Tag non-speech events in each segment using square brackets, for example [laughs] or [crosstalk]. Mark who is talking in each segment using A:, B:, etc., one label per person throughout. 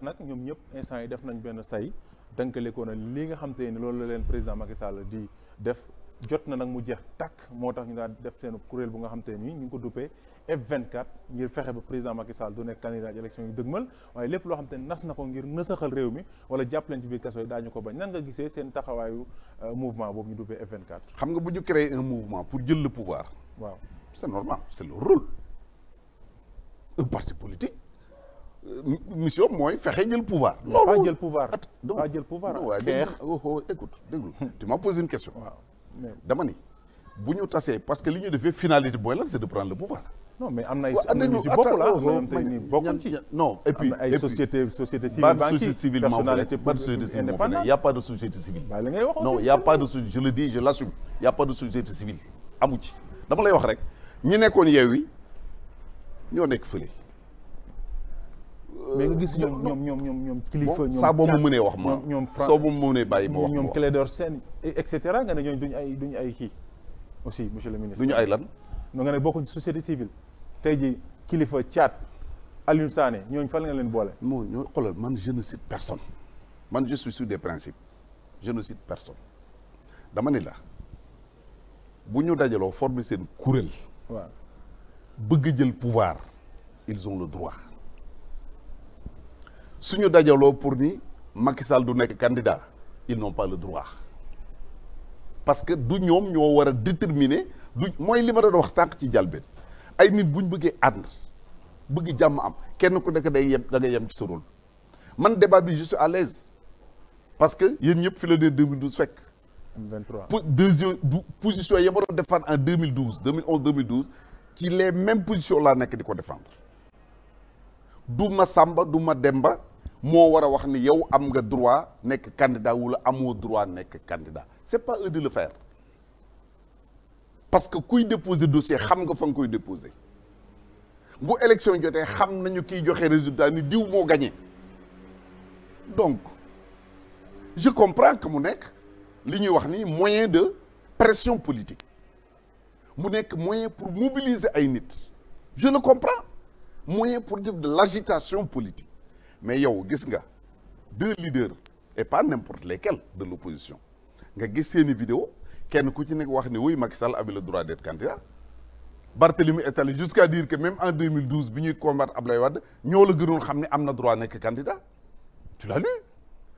A: tax nag ñoom ñëpp instant yi def nañ benn say dënkale ko na li nga xam te ni loolu la leen président Macky Sall di def jot na nag mu jeex tàkk moo tax ñu daal def seen kuréel bu nga xam te ni ñu ngi ko duppee F24 ngir fexe ba président Macky Sall du nekk candidat ci élection yu dëgmal waaye lépp loo xam te nas na ko ngir nësaxal réew mi wala jàpp leen ci biir kaso yi daañu ko bañ nan nga gisee seen taxawaayu euh, mouvement boobu ñu duppee F24. xam nga bu ñu créer un pour jël le pouvoir. waaw c'est normal c'est le rôle parti politique. Euh, mission mooy fexe jël pouvoir. loolu pas jël pouvoir pas jël pouvoir. non waaye dégg oh, oh, écoute déglu hmm. tu m'as posé une question. waaw dama ni bu ñu tasee parce que li ñu defee finalité booy lan c'est de prendre le pouvoir. non la ah. oh, am na ñu bokk ci non et puis ay société a pas de société civile. waaye la a pas de je le dis y' a pas de société ci dama lay wax rek ñi nekkoon yeew yi ñoo nekk fële. Euh, mais nga gis ñoom ñoom ñoom ñoom ñoom kilifa ñoom saa boo mu mënee wax ma ñoom soo boo mu mënee bàyyi ma wax ñoom Clédor et cetera nga ne ñooñu duñu ay duñu ay kii aussi monsieur le ministre duñu ay lan no nga ne bokkuñ société civile tey ji kilifa caat Aliou Sané ñooñu fan nga leen boole moo ñoo xoolal man je ne cite personne man je suis des principes je ne personne dama ni la bu ñu dajaloo former seen kuréel waaw bëgg jël pouvoir ils ont le droit suñu dajaloo pour ni Macky Sall du nekk candidat ils n'ont pas le droit parce que du ñoom ñoo war a déterminer du mooy li ma doon wax sànq ci jalbeen ay nit buñ bëggee ànd bëgg jàmm am kenn ku nekk day yem da nga yem ci sa rôle man débat bi juste à l'aise parce que yéen ñëpp fi la nee 2012 fekk. 23 pour deuxième position yi ma doon défendre en 2012 2011 2012 ci les mêmes positions laa nekk di ko défendre du ma Samba du ma Demba. moo war a wax ni yow am nga droit nekk candidat wala amoo droit nekk candidat c'est pas eux de le faire parce que kuy déposer dossier xam nga fa nga koy déposer bu élection jotee xam nañu kiy joxe résultat ni diw moo gagné donc je comprends que mu nekk li ñuy wax ni moyen de pression politique mu nekk moyen pour mobiliser ay nit je le comprends moyen pour def de l'agitation politique mais yow gis nga deux leaders et pas n'importe lesquels de l'opposition nga gis seeni vidéo kenn ku ci nekk wax ne oui Macky Sall avait le droit d'être candidat Barthélemy est allé jusqu'à dire que même en 2012 bi ñuy combattre Ablaye Wade ñoo la gënoon xam ne am na droit nekk candidat tu l'as lu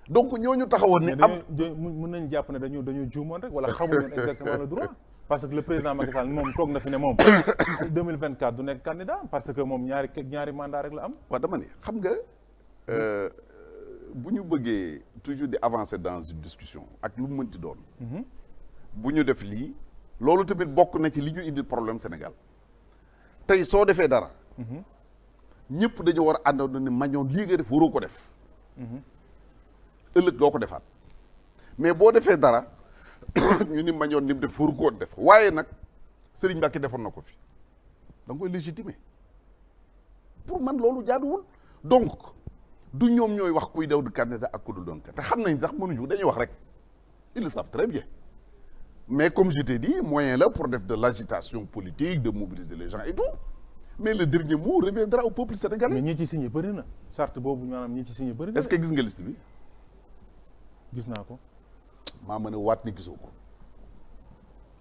A: donc ñooñu taxawoon ne am mën nañ jàpp ne dañu dañu juumoon rek wala xamuñu exactement le droit [laughs] parce que le président Macky moom toog na fi ne moom [coughs] du nekk candidat parce que moom ñaari ñaari mandat rek la am waaw Euh, bu ñu bëggee toujours di avancer dans une discussion ak lu mu mënti doon. Mhm. bu ñu def lii. loolu tamit bokk na ci li ñu indil problème Sénégal tey soo defee dara. Mhm. ñëpp dañu war a àndoon ne mañoon lii nga def waroo ko def. Mhm. ëllëg doo ko defaat mais boo defee dara [coughs] ñu ni mañoon ni def waru ko def waaye nag Serigne Mbacke defoon na ko fi da nga koy légitimer pour man loolu jaaduwul donc. du ñoom ñooy wax kuy daw du candidat ak ku dul doon te xam nañ sax mënuñu dañuy wax rek ils le savent très bien mais comme je t'ai dit moyen la pour def de l'agitation politique de mobiliser les gens et tout mais le dernier mot reviendra au peuple sénégalais. mais ñi ci signé bëri na charte boobu maanaam ñi ci signé bëri na. est-ce que gis nga liste bi. gis naa ko. maa mën a waat ni gisoo ko.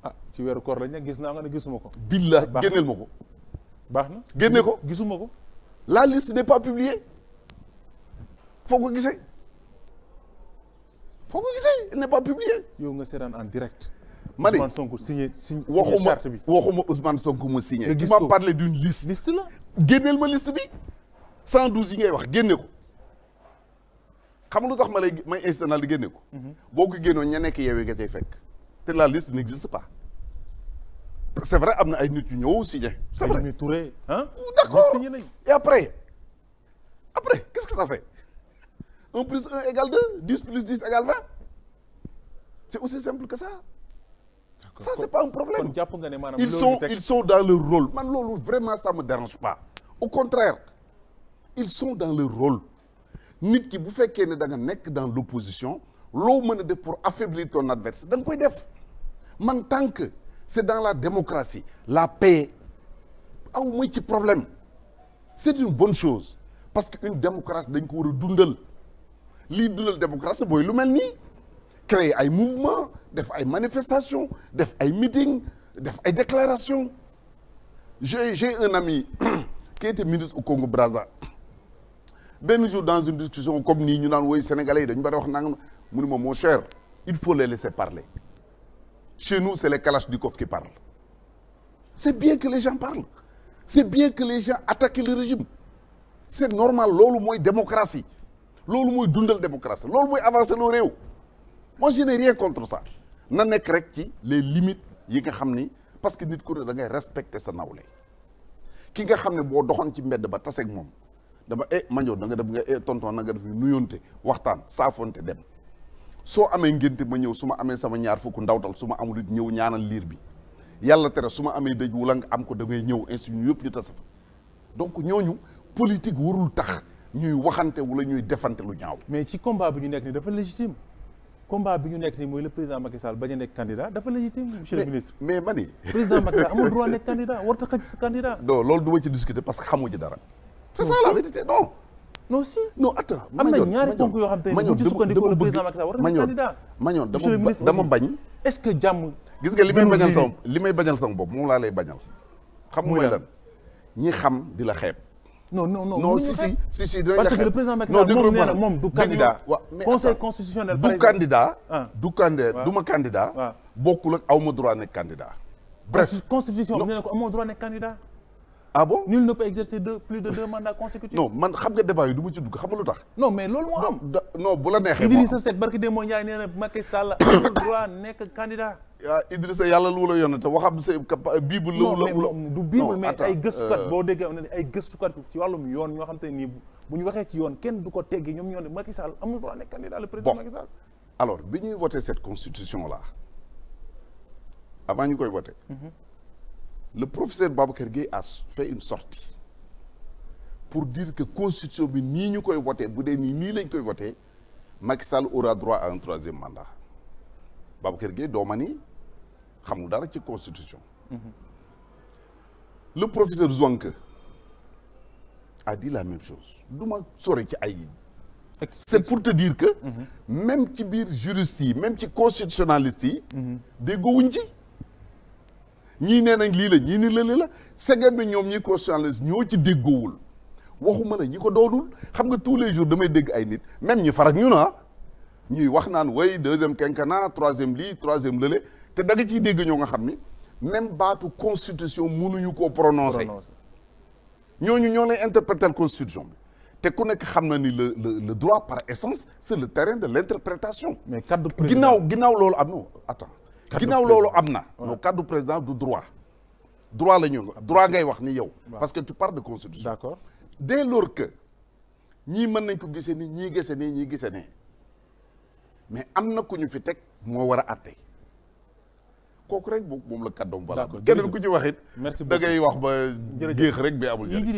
A: ah ci weeru koor lañ nag gis naa nga ne gisuma ko. billah génneel ma ko. baax na génne ko gisuma ko. la liste n'est foo ko gisee foo ko gisee yow nga seetaan en direct. ma ne Ousmane Sonko signé signé charte bi waxuma waxuma Ousmane Sonko ma signé. nga gis ko tu m'as parlé d'une génneel ma liste bi. 112 yi ngay wax génne ko xam nga lu tax ma lay may instant naa génne ko. Mhm. boo ko génnoon ña nekk yeewee nga cay fekk. te la liste n'existe pas. c'est vrai am na ay nit yu ñëw signé. c'est vrai ay Mimi après après quest que ça fait. 1 plus 1 égale 2 10 plus 10 égale 20 c'est aussi simple que ça. ça c'est pas un problème ils sont ils sont dans leur rôle man loolu vraiment ça me dérange pas au contraire ils sont dans leur rôle nit ki bu fekkee ne da nekk dans l'opposition loo mën a def pour affaiblir ton adversaire da nga koy def man tant que c'est dans la démocratie la paix aw mooy ci problème c'est une bonne chose parce que une démocratie dañ ko war lii dundal démocratie booy lu mel nii créer ay mouvement def ay manifestation def ay meeting def ay déclaration j'ai j'ai un ami [coughs] qui était ministre au Congo Brazza benn jour dans une discussion comme nii ñu naan woy sénégalais yi dañu bari wax nangam mu ne ma mon cher il faut les laisser parler chez nous c'est les kalachnikovs qui parlent c'est bien que les gens parlent c'est bien que les gens attaquent le régime c'est normal loolu mooy démocratie loolu mooy dundal démocratie loolu mooy avancer loo réew moi je n'ai rien contre ça na nekk rek ci les limites yi nga xam ni parce que nit ku ne da ngay respecter sa nawle ki nga xam ne boo doxoon ci mbedd ba taseeg moom dama e eh, manjoon danga nga def nga eh, e tonton na nga def nuyoonte waxtaan saafonte dem soo amee ngénte ma ñëw su ma amee sama ñaar fukk ndawtal su ma amul it ñëw ñaanal liir bi yàlla tere su ma amee dëj wala nga am ko da ñëw institut yëpp ñu tase fa donc ñooñu politique warul tax ñuy waxante wala ñuy defante lu ñaaw. mais ci combat bi ñu nekk nii dafa légitime combat bi ñu nekk nii mooy le président Macky Sall bañ a nekk candidat dafa légitime. monsieur le ministre mais mais mani. président Macky Sall amul droit [laughs] nekk a xëcc sa candidat. yoo xam ne bu ci sukkandikoo le président Macky Sall war dama bañ. est que jàmm. gis nga li may bañal sama li may bañal sama bopp moom laa lay bañal. xam mooy lan ñi xam di la xeeb non non non non si la parce le président Macky moom nee na moom du candidat ah. du candidat du ma candidat bokkul ak aw ma droit nekk candidat bref constitution nee na ko amoo droit nekk candidat ah nul ne peut exercer deux plus deux mandats consécutifs non man xam nga débat yi du ma ci dugg xam lu tax non mais loolu moo am non bu la neexee Idrissa Seck barki démb Ndiaye nee [coughs] nekk candidat ah Idrissa yàlla lu la yónnee te waxam sa bible la. non mais du bible mais ay gëstukat euh, boo déggee ne ay gëstukat ci wàllum yoon ñoo xam te nii bu ñu waxee ci yoon kenn du ko teggi ñoom ñoo ne Macky Sall amul droit nekk candidat alors bi ñuy voté cette constitution là avant ñu koy voté. Mhm. le professeur Babacar Gueye a fait une sortie pour dire que constitution bi nii ñu koy voté bu dee nii nii lañ koy voté Macky Sall aura droit à un troisième mandat. Babacar Gueye dooma ni xamul dara ci constitution mm-hmm. le professeur Zouanke a dit la même chose du ma sori ci ay c'est pour te dire que mm-hmm. même ci biir juriste yi même ci constitutionnaliste yi mm-hmm. déggoowuñ ci ñii nee nañ lii la ñii ni lëli la segam bi ñoom ñi constitutionnaliste ñoo ci déggoowul waxuma la ñi ko doonul xam nga tous les jours damay dégg ay nit même ñu farak ñu na ah. ñuy wax naan way deuxième quinquennat troisième lii troisième lële te da nga ciy dégg ñoo nga xam ni même baatu constitution mënuñu koo prononcer ñooñu ñoo lay interpréter constitution bi te ku nekk xam na ni le le droit par essence c'est le terrain de l'interprétation mais kaddu président ginnaaw ginnaaw loolu am na attends ginnaaw loolu am na non kaddu président du droit droit la ñu droit ngay wax ni yow parce que tu parles de constitution d'accord dès lors que ñii mën nañ ko gisee ni ñii gisee nii ñii gisee nii mais am na ku ñu fi teg moo war a àtte kooku rek moom la kàddoom valable keneen ku ci waxit da ngay wax ba géex rek bi amul njëriñ